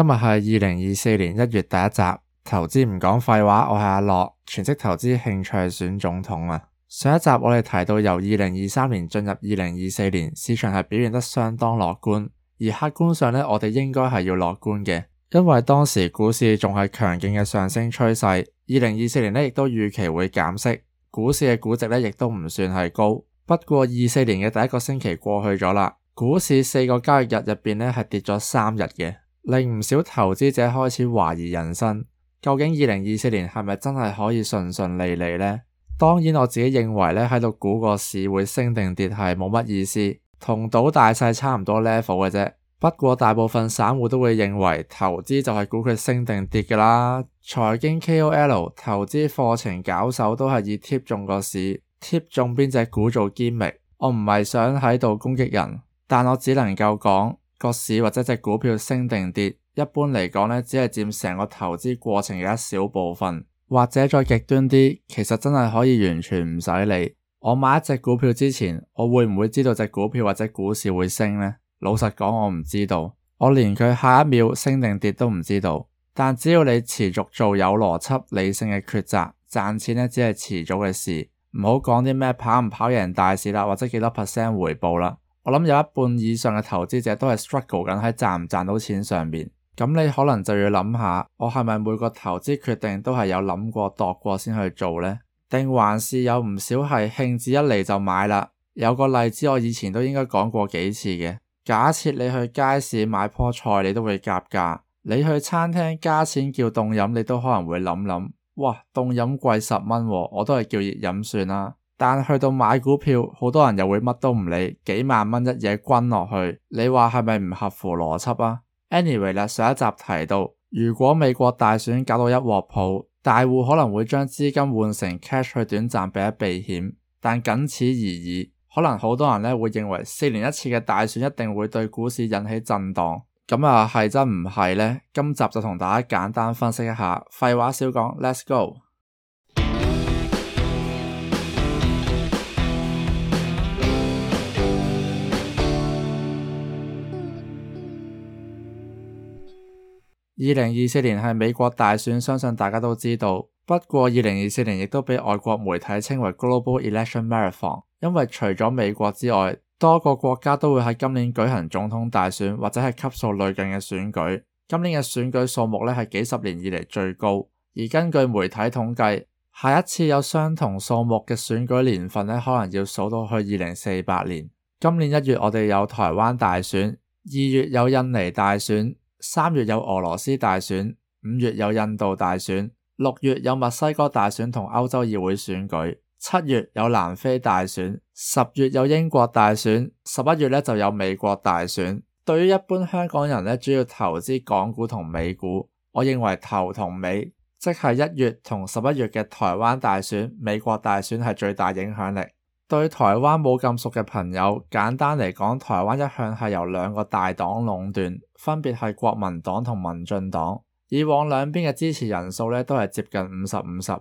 今日係二零二四年一月第一集，投資唔講廢話。我係阿樂，全職投資興趣選總統啊。上一集我哋提到，由二零二三年進入二零二四年，市場係表現得相當樂觀。而客觀上呢，我哋應該係要樂觀嘅，因為當時股市仲係強勁嘅上升趨勢。二零二四年呢，亦都預期會減息，股市嘅估值呢，亦都唔算係高。不過二四年嘅第一個星期過去咗啦，股市四個交易日入邊呢，係跌咗三日嘅。令唔少投資者開始懷疑人生，究竟二零二四年係咪真係可以順順利利呢？當然，我自己認為咧喺度估個市會升定跌係冇乜意思，同賭大細差唔多 level 嘅啫。不過大部分散戶都會認為投資就係估佢升定跌㗎啦。財經 KOL、投資課程搞手都係以貼中個市，貼中邊隻股做 gimmick。我唔係想喺度攻擊人，但我只能夠講。個市或者隻股票升定跌，一般嚟講咧，只係佔成個投資過程嘅一小部分，或者再極端啲，其實真係可以完全唔使理。我買一隻股票之前，我會唔會知道隻股票或者股市會升咧？老實講，我唔知道，我連佢下一秒升定跌都唔知道。但只要你持續做有邏輯、理性嘅抉擇，賺錢咧只係遲早嘅事，唔好講啲咩跑唔跑贏大市啦，或者幾多 percent 回報啦。我諗有一半以上嘅投資者都係 struggle 緊喺賺唔賺到錢上面。咁你可能就要諗下，我係咪每個投資決定都係有諗過、度過先去做呢？定還是有唔少係興致一嚟就買啦？有個例子我以前都應該講過幾次嘅，假設你去街市買棵菜，你都會夾價；你去餐廳加錢叫凍飲，你都可能會諗諗，哇，凍飲貴十蚊喎，我都係叫熱飲算啦。但去到買股票，好多人又會乜都唔理，幾萬蚊一嘢均落去，你話係咪唔合乎邏輯啊？Anyway 啦，上一集提到，如果美國大選搞到一鑊泡，大戶可能會將資金換成 cash 去短暫避一避險，但僅此而已。可能好多人咧會認為四年一次嘅大選一定會對股市引起震蕩，咁啊係真唔係呢？今集就同大家簡單分析一下，廢話少講，Let's go。二零二四年係美國大選，相信大家都知道。不過二零二四年亦都俾外國媒體稱為 Global Election Marathon，因為除咗美國之外，多個國家都會喺今年舉行總統大選或者係級數類近嘅選舉。今年嘅選舉數目咧係幾十年以嚟最高。而根據媒體統計，下一次有相同數目嘅選舉年份咧，可能要數到去二零四八年。今年一月我哋有台灣大選，二月有印尼大選。三月有俄羅斯大選，五月有印度大選，六月有墨西哥大選同歐洲議會選舉，七月有南非大選，十月有英國大選，十一月呢就有美國大選。對於一般香港人呢，主要投資港股同美股，我認為頭同尾，即係一月同十一月嘅台灣大選、美國大選係最大影響力。對台灣冇咁熟嘅朋友，簡單嚟講，台灣一向係由兩個大黨壟斷，分別係國民黨同民進黨。以往兩邊嘅支持人數咧都係接近五十五十。50,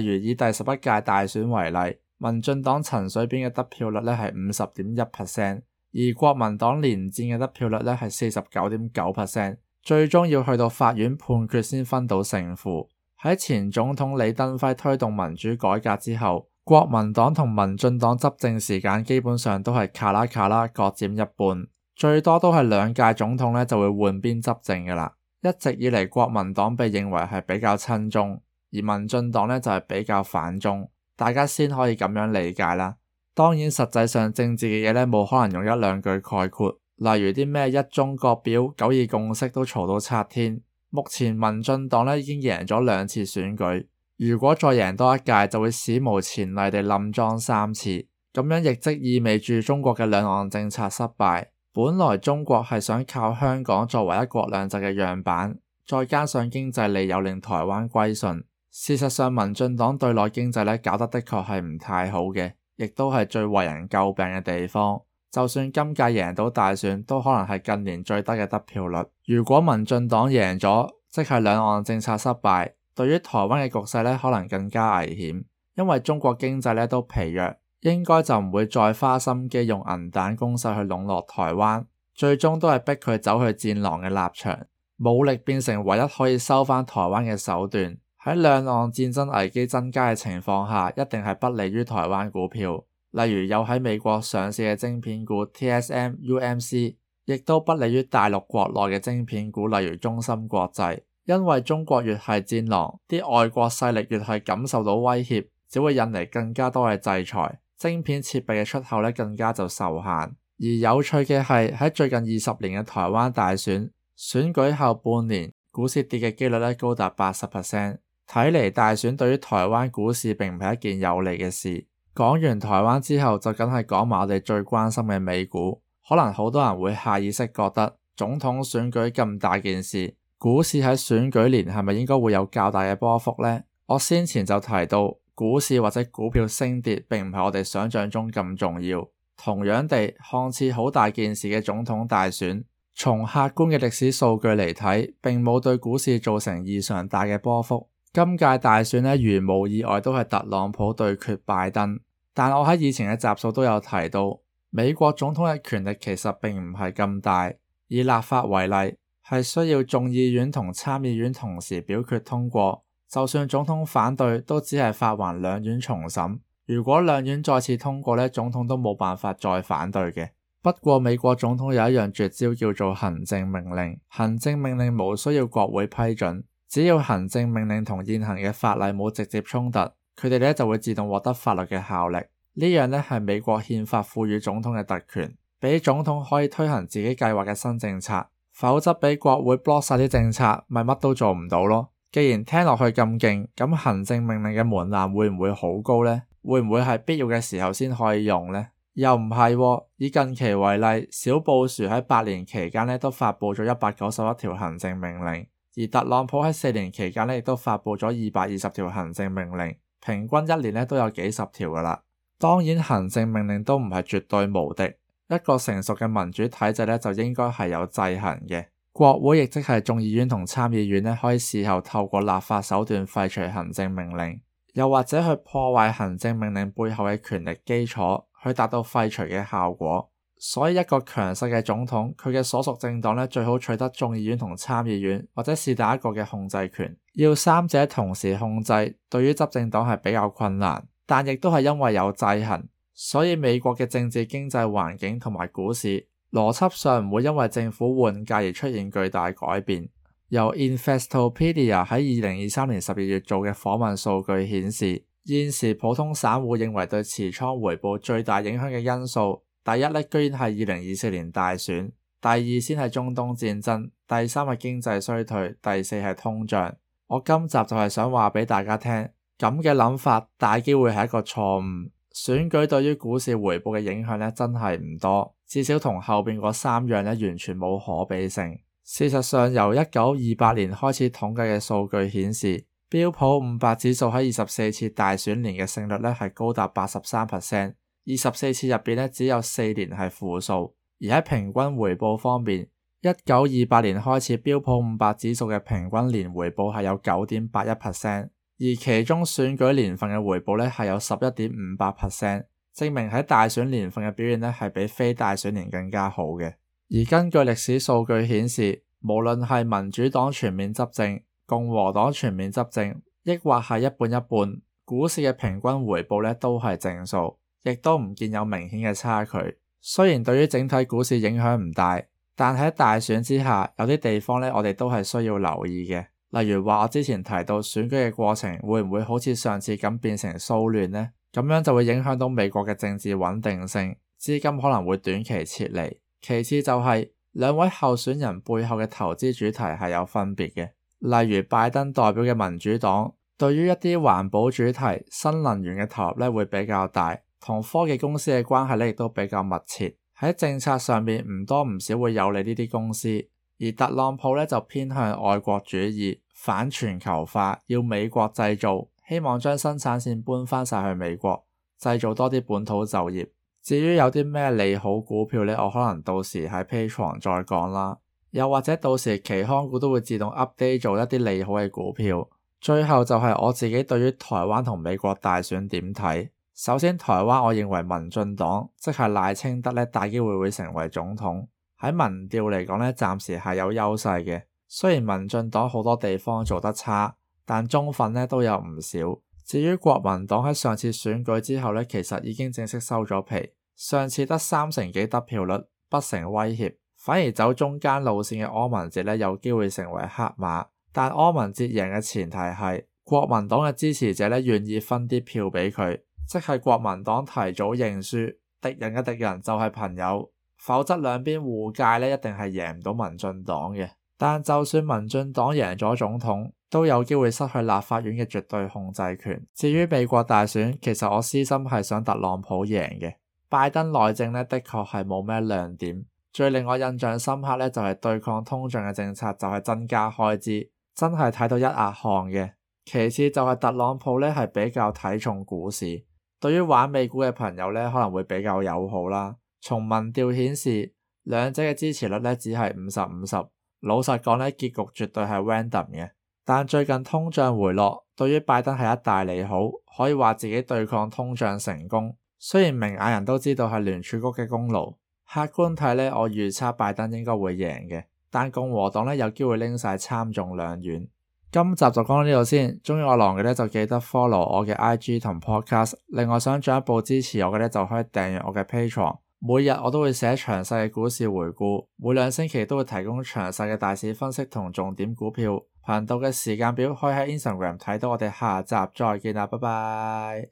例如以第十一屆大選為例，民進黨陳水扁嘅得票率咧係五十點一%，而國民黨連戰嘅得票率咧係四十九點九%。最終要去到法院判決先分到勝負。喺前總統李登輝推動民主改革之後，國民黨同民進黨執政時間基本上都係卡拉卡拉，各占一半，最多都係兩屆總統就會換邊執政噶啦。一直以嚟，國民黨被認為係比較親中，而民進黨咧就係比較反中，大家先可以咁樣理解啦。當然，實際上政治嘅嘢咧冇可能用一兩句概括，例如啲咩一中各表、九二共識都嘈到拆天。目前民進黨咧已經贏咗兩次選舉。如果再贏多一屆，就會史無前例地連莊三次，咁樣亦即意味住中國嘅兩岸政策失敗。本來中國係想靠香港作為一國兩制嘅樣板，再加上經濟利誘令台灣歸順。事實上，民進黨對內經濟呢搞得的確係唔太好嘅，亦都係最為人詬病嘅地方。就算今屆贏到大選，都可能係近年最低嘅得票率。如果民進黨贏咗，即係兩岸政策失敗。對於台灣嘅局勢咧，可能更加危險，因為中國經濟咧都疲弱，應該就唔會再花心機用銀彈攻勢去籠絡台灣，最終都係逼佢走去戰狼嘅立場，武力變成唯一可以收返台灣嘅手段。喺兩岸戰爭危機增加嘅情況下，一定係不利於台灣股票，例如有喺美國上市嘅晶片股 TSM、UMC，亦都不利於大陸國內嘅晶片股，例如中芯國際。因為中國越係戰狼，啲外國勢力越係感受到威脅，只會引嚟，更加多嘅制裁，晶片設備嘅出口咧更加就受限。而有趣嘅係喺最近二十年嘅台灣大選，選舉後半年股市跌嘅幾率咧高達八十 percent，睇嚟大選對於台灣股市並唔係一件有利嘅事。講完台灣之後，就梗係講埋我哋最關心嘅美股。可能好多人會下意識覺得總統選舉咁大件事。股市喺選舉年係咪應該會有較大嘅波幅呢？我先前就提到，股市或者股票升跌並唔係我哋想象中咁重要。同樣地，看似好大件事嘅總統大選，從客觀嘅歷史數據嚟睇，並冇對股市造成異常大嘅波幅。今屆大選呢，如無意外都係特朗普對決拜登。但我喺以前嘅集數都有提到，美國總統嘅權力其實並唔係咁大。以立法為例，係需要眾議院同參議院同時表決通過，就算總統反對都只係發還兩院重審。如果兩院再次通過咧，總統都冇辦法再反對嘅。不過美國總統有一樣絕招叫做行政命令，行政命令冇需要國會批准，只要行政命令同現行嘅法例冇直接衝突，佢哋咧就會自動獲得法律嘅效力。呢樣呢係美國憲法賦予總統嘅特權，俾總統可以推行自己計劃嘅新政策。否則俾國會 block 曬啲政策，咪乜都做唔到咯。既然聽落去咁勁，咁行政命令嘅門檻會唔會好高呢？會唔會係必要嘅時候先可以用呢？又唔係，以近期為例，小布殊喺八年期間呢都發布咗一百九十一條行政命令，而特朗普喺四年期間呢亦都發布咗二百二十條行政命令，平均一年呢都有幾十條㗎喇。當然，行政命令都唔係絕對無敵。一個成熟嘅民主體制咧，就應該係有制衡嘅。國會亦即係眾議院同參議院呢，可以事後透過立法手段廢除行政命令，又或者去破壞行政命令背後嘅權力基礎，去達到廢除嘅效果。所以一個強勢嘅總統，佢嘅所屬政黨呢，最好取得眾議院同參議院，或者任何一個嘅控制權。要三者同時控制，對於執政黨係比較困難，但亦都係因為有制衡。所以美國嘅政治經濟環境同埋股市邏輯上唔會因為政府換屆而出現巨大改變。由 Investopedia 喺二零二三年十二月做嘅訪問數據顯示，現時普通散戶認為對持倉回報最大影響嘅因素，第一咧居然係二零二四年大選，第二先係中東戰爭，第三係經濟衰退，第四係通脹。我今集就係想話俾大家聽，咁嘅諗法大機會係一個錯誤。選舉對於股市回報嘅影響咧，真係唔多，至少同後邊嗰三樣咧完全冇可比性。事實上，由一九二八年開始統計嘅數據顯示，標普五百指數喺二十四次大選年嘅勝率咧係高達八十三 percent，二十四次入邊咧只有四年係負數。而喺平均回報方面，一九二八年開始標普五百指數嘅平均年回報係有九點八一 percent。而其中選舉年份嘅回報咧，係有十一點五百 percent，證明喺大選年份嘅表現咧，係比非大選年更加好嘅。而根據歷史數據顯示，無論係民主黨全面執政、共和黨全面執政，抑或係一半一半，股市嘅平均回報咧都係正數，亦都唔見有明顯嘅差距。雖然對於整體股市影響唔大，但喺大選之下，有啲地方咧，我哋都係需要留意嘅。例如話，我之前提到選舉嘅過程會唔會好似上次咁變成騷亂呢？咁樣就會影響到美國嘅政治穩定性，資金可能會短期撤離。其次就係、是、兩位候選人背後嘅投資主題係有分別嘅。例如拜登代表嘅民主黨，對於一啲環保主題、新能源嘅投入咧會比較大，同科技公司嘅關係咧亦都比較密切，喺政策上面，唔多唔少會有利呢啲公司。而特朗普咧就偏向愛國主義，反全球化，要美國製造，希望將生產線搬翻晒去美國製造，多啲本土就業。至於有啲咩利好股票呢，我可能到時喺 Patreon 再講啦。又或者到時期刊股都會自動 update 做一啲利好嘅股票。最後就係我自己對於台灣同美國大選點睇。首先台灣我認為民進黨即係賴清德咧，大機會會成為總統。喺民調嚟講咧，暫時係有優勢嘅。雖然民進黨好多地方做得差，但忠粉咧都有唔少。至於國民黨喺上次選舉之後咧，其實已經正式收咗皮。上次得三成幾得票率，不成威脅，反而走中間路線嘅柯文哲咧，有機會成為黑馬。但柯文哲贏嘅前提係國民黨嘅支持者咧，願意分啲票俾佢，即係國民黨提早認輸，敵人嘅敵人就係朋友。否則兩邊互介咧，一定係贏唔到民進黨嘅。但就算民進黨贏咗總統，都有機會失去立法院嘅絕對控制權。至於美國大選，其實我私心係想特朗普贏嘅。拜登內政呢，的確係冇咩亮點，最令我印象深刻呢，就係對抗通脹嘅政策就係增加開支，真係睇到一額汗嘅。其次就係特朗普呢，係比較睇重股市，對於玩美股嘅朋友呢，可能會比較友好啦。從民調顯示，兩者嘅支持率呢只係五十五十。50，老實講呢，結局絕對係 random 嘅。但最近通脹回落，對於拜登係一大利好，可以話自己對抗通脹成功。雖然明眼人都知道係聯儲局嘅功勞，客觀睇呢，我預測拜登應該會贏嘅。但共和黨呢，有機會拎晒參眾兩院。今集就講到呢度先。中意我郎嘅呢，就記得 follow 我嘅 IG 同 Podcast。另外想進一步支持我嘅呢，就可以訂閱我嘅 Patreon。每日我都會寫詳細嘅股市回顧，每兩星期都會提供詳細嘅大市分析同重點股票。頻道嘅時間表可以喺 Instagram 睇到，我哋下集再見啦，拜拜。